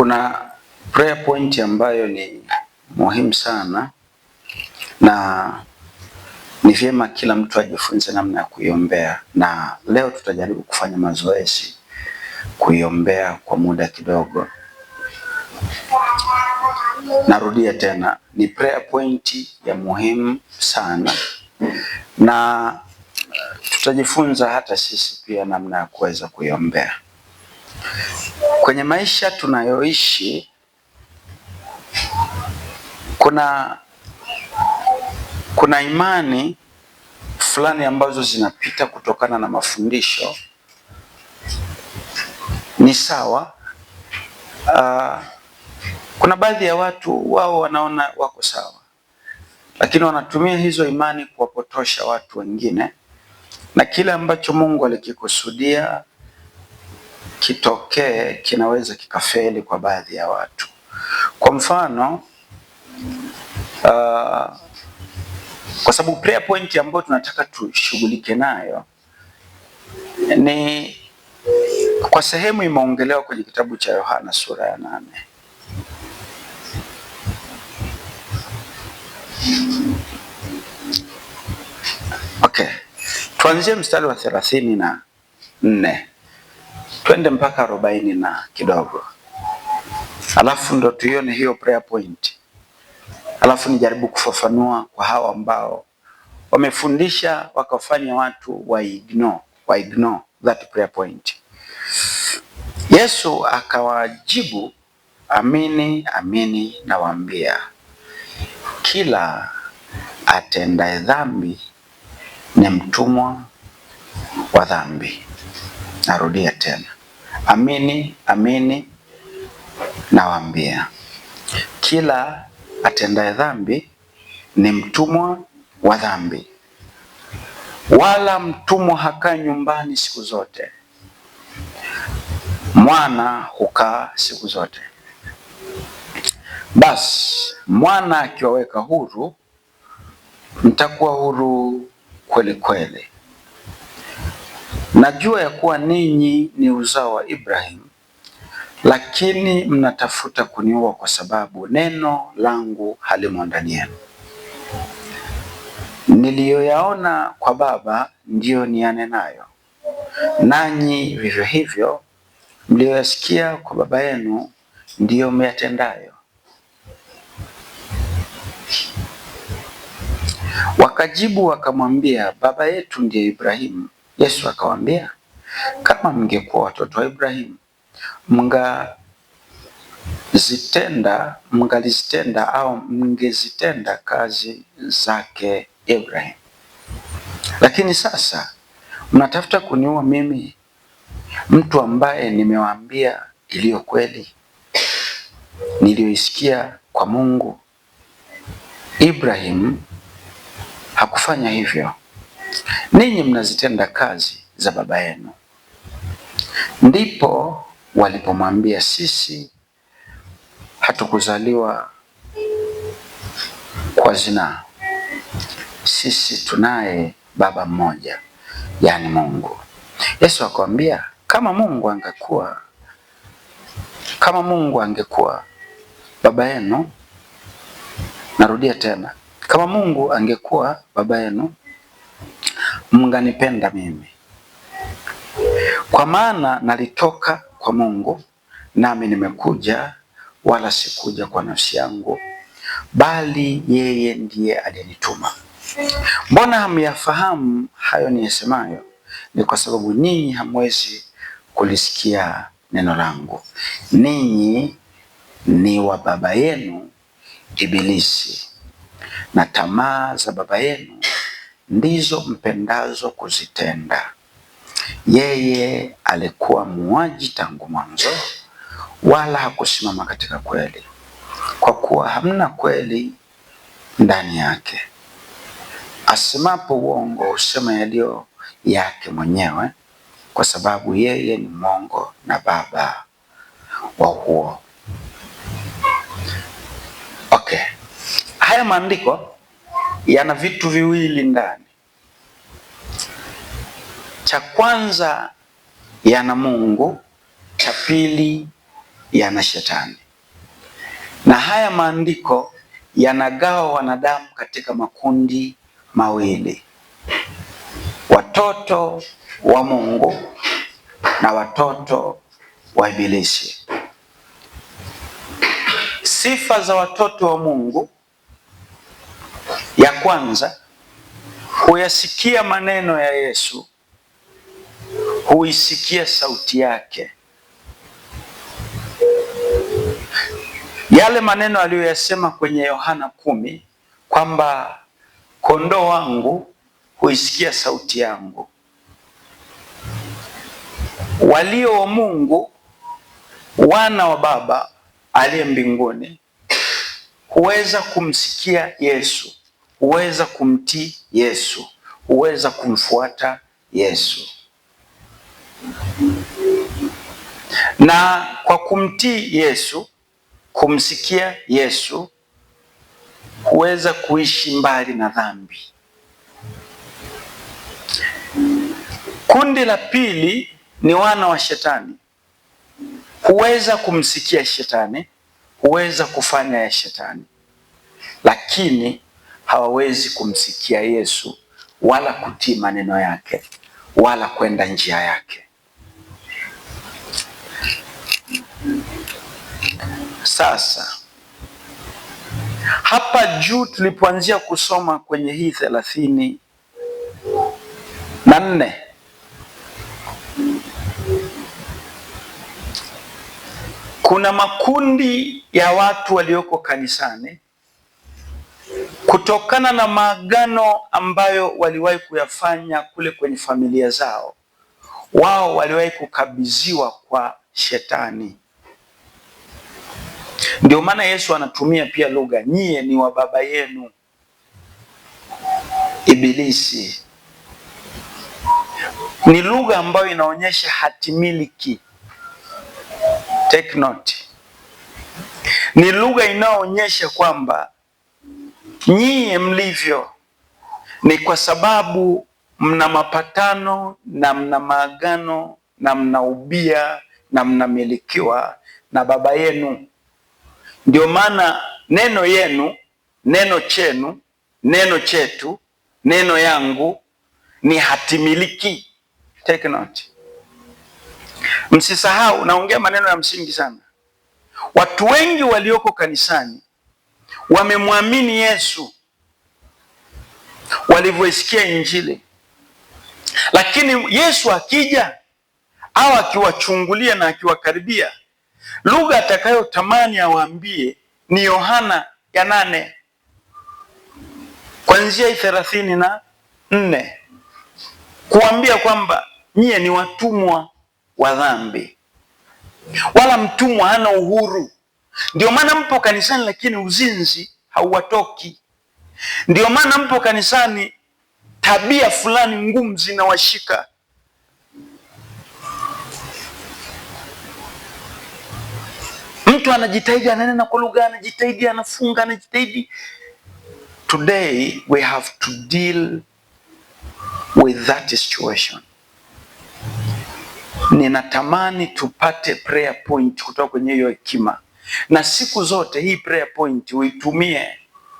Kuna prayer point ambayo ni muhimu sana na ni vyema kila mtu ajifunze namna ya kuiombea, na leo tutajaribu kufanya mazoezi kuiombea kwa muda kidogo. Narudia tena, ni prayer point ya muhimu sana na tutajifunza hata sisi pia namna ya kuweza kuiombea. Kwenye maisha tunayoishi kuna kuna imani fulani ambazo zinapita kutokana na mafundisho. Ni sawa. Uh, kuna baadhi ya watu wao wanaona wako sawa, lakini wanatumia hizo imani kuwapotosha watu wengine, na kile ambacho Mungu alikikusudia kitokee kinaweza kikafeli kwa baadhi ya watu. Kwa mfano uh, kwa sababu prayer point ambayo tunataka tushughulike nayo ni kwa sehemu imeongelewa kwenye kitabu cha Yohana sura ya nane okay. Tuanzie mstari wa thelathini na nne twende mpaka arobaini na kidogo, alafu ndo tuione hiyo prayer point, alafu nijaribu kufafanua kwa hawa ambao wamefundisha wakafanya watu wa ignore, wa ignore that prayer point. Yesu akawajibu, amini amini nawaambia, kila atendaye dhambi ni mtumwa wa dhambi. Narudia tena, amini amini nawaambia, kila atendaye dhambi ni mtumwa wa dhambi. Wala mtumwa hakaa nyumbani siku zote, mwana hukaa siku zote. Basi mwana akiwaweka huru, mtakuwa huru kweli kweli. Najua ya kuwa ninyi ni uzao wa ibrahim lakini mnatafuta kuniua kwa sababu neno langu halimo ndani yenu. Niliyoyaona kwa Baba ndiyo niyanenayo, nanyi vivyo hivyo mliyoyasikia kwa baba yenu ndiyo myatendayo. Wakajibu wakamwambia, baba yetu ndiye Ibrahimu. Yesu akawaambia, kama mngekuwa watoto wa Ibrahimu mngazitenda mngalizitenda au mngezitenda kazi zake Ibrahimu, lakini sasa mnatafuta kuniua mimi, mtu ambaye nimewaambia iliyo kweli niliyoisikia kwa Mungu. Ibrahimu hakufanya hivyo ninyi mnazitenda kazi za baba yenu. Ndipo walipomwambia, sisi hatukuzaliwa kwa zinaa, sisi tunaye baba mmoja, yaani Mungu. Yesu akamwambia, kama Mungu angekuwa kama Mungu angekuwa baba yenu, narudia tena, kama Mungu angekuwa baba yenu mnganipenda mimi, kwa maana nalitoka kwa Mungu, nami nimekuja, wala sikuja kwa nafsi yangu, bali yeye ndiye aliyenituma. Mbona hamyafahamu hayo niyasemayo? Ni kwa sababu ninyi hamwezi kulisikia neno langu. Ninyi ni wa baba yenu Ibilisi, na tamaa za baba yenu ndizo mpendazo kuzitenda. Yeye alikuwa muwaji tangu mwanzo, wala hakusimama katika kweli, kwa kuwa hamna kweli ndani yake. Asimapo uongo, husema yaliyo yake mwenyewe, kwa sababu yeye ni mwongo na baba wa huo. Okay, haya maandiko yana vitu viwili ndani. Cha kwanza yana Mungu, cha pili yana shetani. Na haya maandiko yanagawa wanadamu katika makundi mawili, watoto wa Mungu na watoto wa Ibilisi. Sifa za watoto wa Mungu ya kwanza, huyasikia maneno ya Yesu, huisikia sauti yake. Yale maneno aliyoyasema kwenye Yohana kumi kwamba kondoo wangu huisikia sauti yangu. Walio wa Mungu, wana wa Baba aliye mbinguni, huweza kumsikia Yesu huweza kumtii Yesu, huweza kumfuata Yesu. Na kwa kumtii Yesu, kumsikia Yesu, huweza kuishi mbali na dhambi. Kundi la pili ni wana wa Shetani. Huweza kumsikia Shetani, huweza kufanya ya Shetani, lakini hawawezi kumsikia Yesu wala kutii maneno yake wala kwenda njia yake. Sasa hapa juu tulipoanzia kusoma kwenye hii thelathini na nne kuna makundi ya watu walioko kanisani kutokana na maagano ambayo waliwahi kuyafanya kule kwenye familia zao, wao waliwahi kukabidhiwa kwa shetani. Ndio maana Yesu anatumia pia lugha, nyie ni wa baba yenu Ibilisi. Ni lugha ambayo inaonyesha hatimiliki. Take note, ni lugha inayoonyesha kwamba nyie mlivyo ni kwa sababu mna mapatano na mna maagano na mna ubia na mnamilikiwa na baba yenu. Ndio maana neno yenu, neno chenu, neno chetu, neno yangu ni hatimiliki. Take note. Msisahau, naongea maneno ya msingi sana. Watu wengi walioko kanisani wamemwamini Yesu walivyoisikia Injili, lakini Yesu akija au akiwachungulia na akiwakaribia, lugha atakayotamani awaambie ni Yohana ya nane kwanzia hii thelathini na nne kuambia kwamba nyie ni watumwa wa dhambi, wala mtumwa hana uhuru ndio maana mpo kanisani, lakini uzinzi hauwatoki. Ndio maana mpo kanisani, tabia fulani ngumu zinawashika. Mtu anajitahidi, ananena kwa lugha, anajitahidi, anafunga, anajitahidi. Today we have to deal with that situation. Ninatamani tupate prayer point kutoka kwenye hiyo hekima na siku zote hii prayer point uitumie,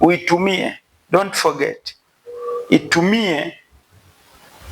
uitumie, don't forget, itumie.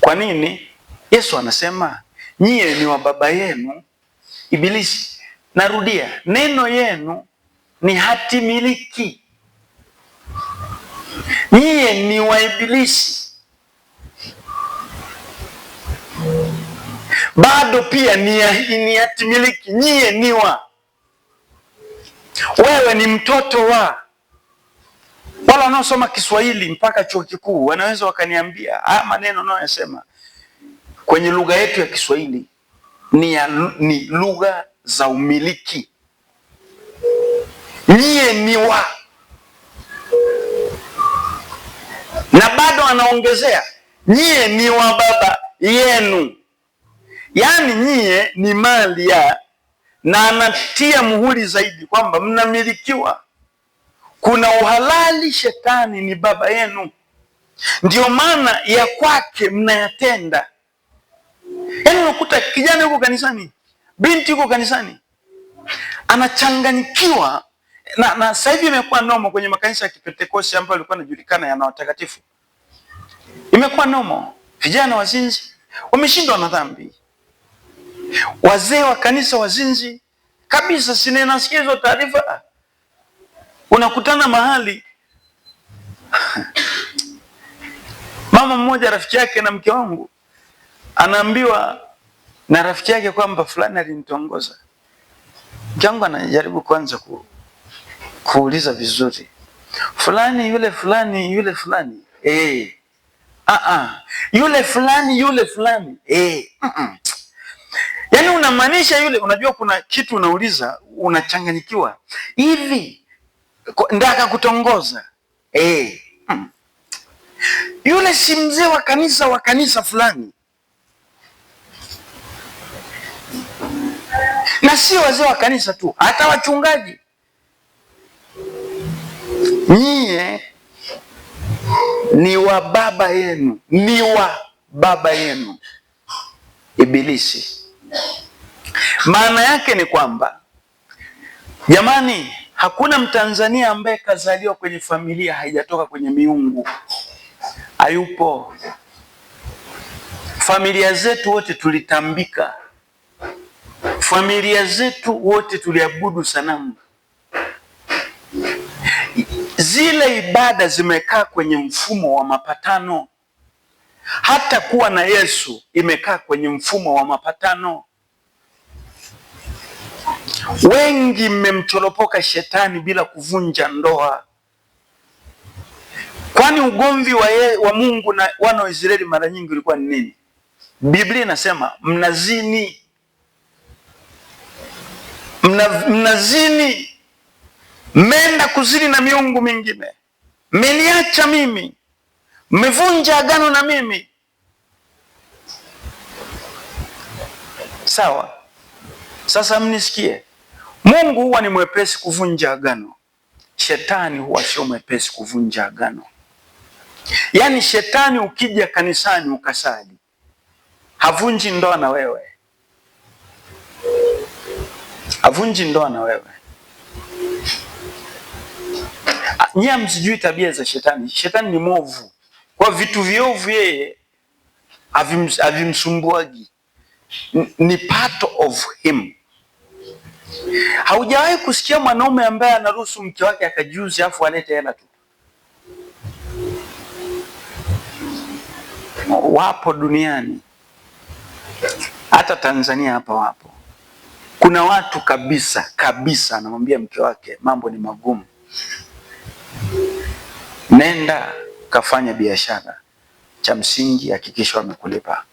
Kwa nini? Yesu anasema nyie ni wa baba yenu Ibilisi. Narudia, neno yenu ni hati miliki. Nyie ni wa Ibilisi, bado pia ni hati miliki. Nyie ni wa wewe ni mtoto wa wala wanaosoma Kiswahili mpaka chuo kikuu wanaweza wakaniambia haya maneno unayoyasema kwenye lugha yetu ya Kiswahili ni, ni lugha za umiliki. Nyie ni wa na bado anaongezea nyie ni wa baba yenu, yaani nyie ni mali ya na anatia muhuri zaidi kwamba mnamilikiwa. Kuna uhalali, shetani ni baba yenu, ndio maana ya kwake mnayatenda. Yaani unakuta kijana yuko kanisani, binti yuko kanisani, anachanganyikiwa na, na sasa hivi imekuwa nomo kwenye makanisa ya Kipentekoste ambayo alikuwa anajulikana yana watakatifu, imekuwa nomo, vijana wazinzi wameshindwa na dhambi wazee wa kanisa wazinzi kabisa. Sinenasikia hizo taarifa, unakutana mahali mama mmoja rafiki yake na mke wangu anaambiwa na rafiki yake kwamba fulani alinitongoza. Mke anajaribu kwanza ku, kuuliza vizuri, fulani yule fulani yule fulani eh, uh -uh. yule fulani yule fulani eh, Uh -uh. Yaani unamaanisha yule, unajua kuna kitu unauliza, unachanganyikiwa hivi, ndio akakutongoza eh, hmm. Yule si mzee wa kanisa wa kanisa fulani, na sio wazee wa kanisa tu, hata wachungaji nyie ni wa baba yenu, ni wa baba yenu Ibilisi. Maana yake ni kwamba jamani, hakuna Mtanzania ambaye kazaliwa kwenye familia haijatoka kwenye miungu, hayupo. Familia zetu wote tulitambika, familia zetu wote tuliabudu sanamu, zile ibada zimekaa kwenye mfumo wa mapatano. Hata kuwa na Yesu imekaa kwenye mfumo wa mapatano. Wengi mmemchoropoka shetani bila kuvunja ndoa. Kwani ugomvi wa, ye, wa Mungu na wana wa Israeli mara nyingi ulikuwa ni nini? Biblia inasema mnazini, mna, mnazini, mmeenda kuzini na miungu mingine, mmeniacha mimi mmevunja agano na mimi. Sawa, sasa mnisikie, Mungu huwa ni mwepesi kuvunja agano, shetani huwa sio mwepesi kuvunja agano. Yaani shetani ukija kanisani ukasali, havunji ndoa na wewe, havunji ndoa na wewe. Nyie msijui tabia za shetani. Shetani ni movu kwa vitu vyovu yeye havimsumbuagi, ni part of him. Haujawahi kusikia mwanaume ambaye anaruhusu mke wake akajuzi afu anete hela tu? Wapo duniani, hata Tanzania hapa wapo. Kuna watu kabisa kabisa anamwambia mke wake mambo ni magumu, nenda kafanya biashara, cha msingi hakikisha wamekulipa.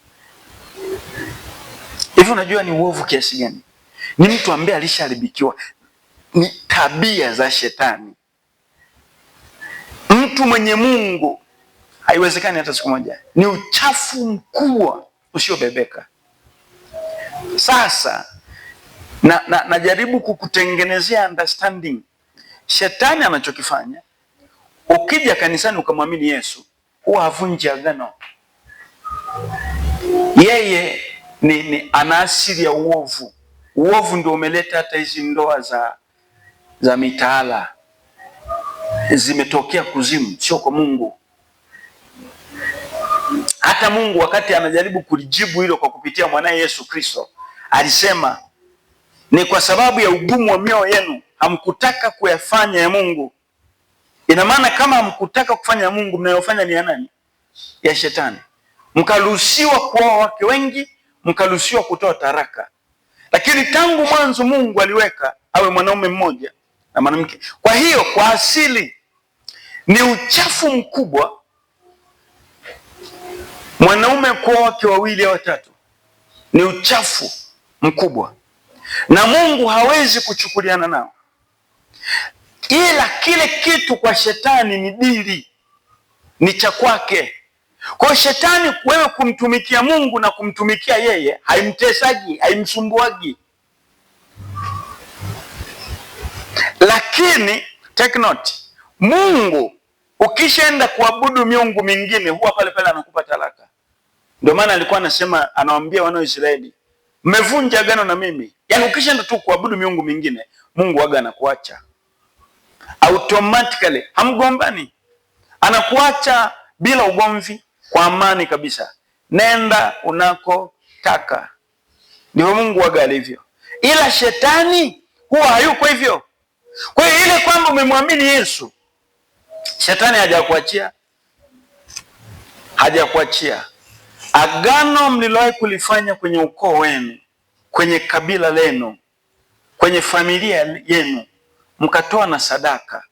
Hivi unajua ni uovu kiasi gani? Ni mtu ambaye alishaharibikiwa, ni tabia za shetani. Mtu mwenye Mungu haiwezekani hata siku moja, ni uchafu mkubwa usiobebeka. Sasa na, na, najaribu kukutengenezea understanding. Shetani anachokifanya Ukija kanisani ukamwamini Yesu, huwa havunji agano. Yeye ni, ni ana asili ya uovu. Uovu ndio umeleta hata hizi ndoa za, za mitaala zimetokea kuzimu, sio kwa Mungu. Hata Mungu wakati anajaribu kulijibu hilo kwa kupitia mwanaye Yesu Kristo alisema, ni kwa sababu ya ugumu wa mioyo yenu hamkutaka kuyafanya ya Mungu Ina maana kama mkutaka kufanya Mungu, mnayofanya ni ya nani? Ya Shetani. Mkaruhusiwa kuoa wake wengi, mkaruhusiwa kutoa taraka, lakini tangu mwanzo Mungu aliweka awe mwanaume mmoja na mwanamke. Kwa hiyo kwa asili ni uchafu mkubwa mwanaume kuoa wake wawili au watatu, ni uchafu mkubwa na Mungu hawezi kuchukuliana nao ila kile kitu kwa shetani ni dili, ni cha kwake. Kwa shetani, wewe kumtumikia Mungu na kumtumikia yeye haimtesagi, haimsumbuagi. Lakini take note, Mungu ukishaenda kuabudu miungu mingine huwa pale pale anakupa talaka. Ndio maana alikuwa anasema, anawaambia wana wa Israeli, mmevunja agano na mimi. Yaani ukishaenda tu kuabudu miungu mingine, Mungu waga anakuacha automatically hamgombani, anakuacha bila ugomvi kwa amani kabisa. Nenda unakotaka, ndivyo Mungu waga alivyo, ila shetani huwa hayuko hivyo. Kwa hiyo ile kwamba umemwamini Yesu, shetani hajakuachia, hajakuachia. Agano mlilowahi kulifanya kwenye ukoo wenu, kwenye kabila lenu, kwenye familia yenu mkatoa na sadaka,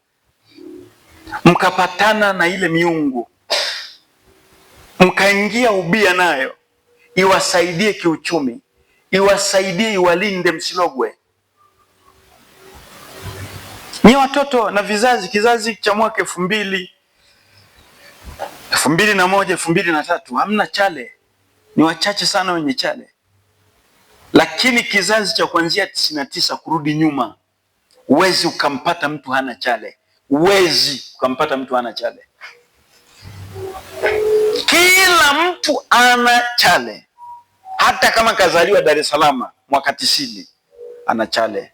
mkapatana na ile miungu, mkaingia ubia nayo, iwasaidie kiuchumi, iwasaidie, iwalinde msilogwe. Ni watoto na vizazi, kizazi cha mwaka elfu mbili elfu mbili na moja elfu mbili na tatu hamna chale, ni wachache sana wenye chale, lakini kizazi cha kuanzia tisini na tisa kurudi nyuma Uwezi ukampata mtu hana chale, uwezi ukampata mtu hana chale. Kila mtu ana chale, hata kama kazaliwa Dar es Salaam mwaka tisini ana chale,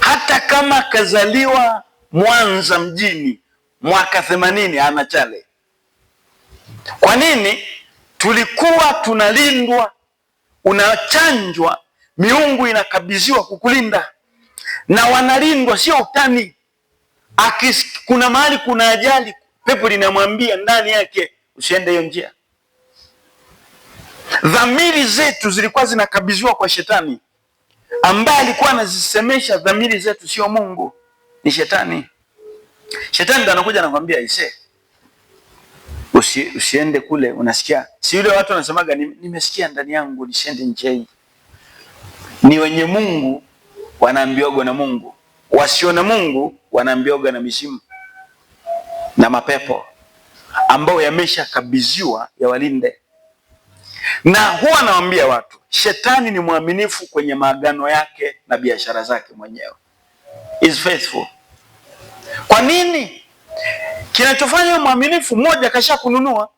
hata kama kazaliwa Mwanza mjini mwaka themanini ana chale. Kwa nini? Tulikuwa tunalindwa, unachanjwa miungu inakabidhiwa kukulinda na wanalindwa, sio utani. Akis, kuna mahali kuna ajali, pepo linamwambia ndani yake usiende hiyo njia. Dhamiri zetu zilikuwa zinakabidhiwa kwa shetani ambaye alikuwa anazisemesha dhamiri zetu, sio Mungu, ni shetani. Shetani ndo anakuja anakwambia ise usi, usiende kule. Unasikia si yule watu wanasemaga, nimesikia ndani yangu nisiende njia hii ni wenye Mungu wanaambiogwa na Mungu, wasio na Mungu wanaambiogwa na mishimu na mapepo ambayo yameshakabidhiwa yawalinde. Na huwa anawaambia watu, shetani ni mwaminifu kwenye maagano yake na biashara zake mwenyewe, is faithful. Kwa nini? Kinachofanya mwaminifu, mmoja kasha kununua,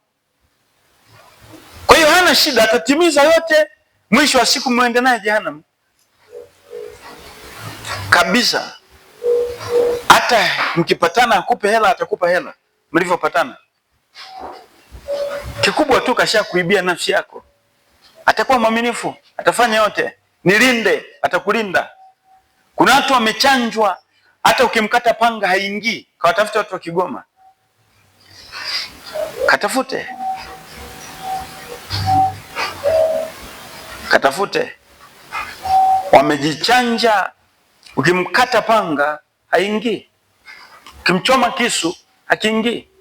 kwa hiyo hana shida, atatimiza yote. Mwisho wa siku mwende naye jehanamu kabisa. Hata mkipatana akupe hela, atakupa hela mlivyopatana. Kikubwa tu kasha kuibia nafsi yako. Atakuwa mwaminifu, atafanya yote. Nilinde, atakulinda. Kuna watu wamechanjwa, hata ukimkata panga haingii. Kawatafute watu wa Kigoma, katafute, katafute, wamejichanja Ukimkata panga haingii, ukimchoma kisu hakiingii.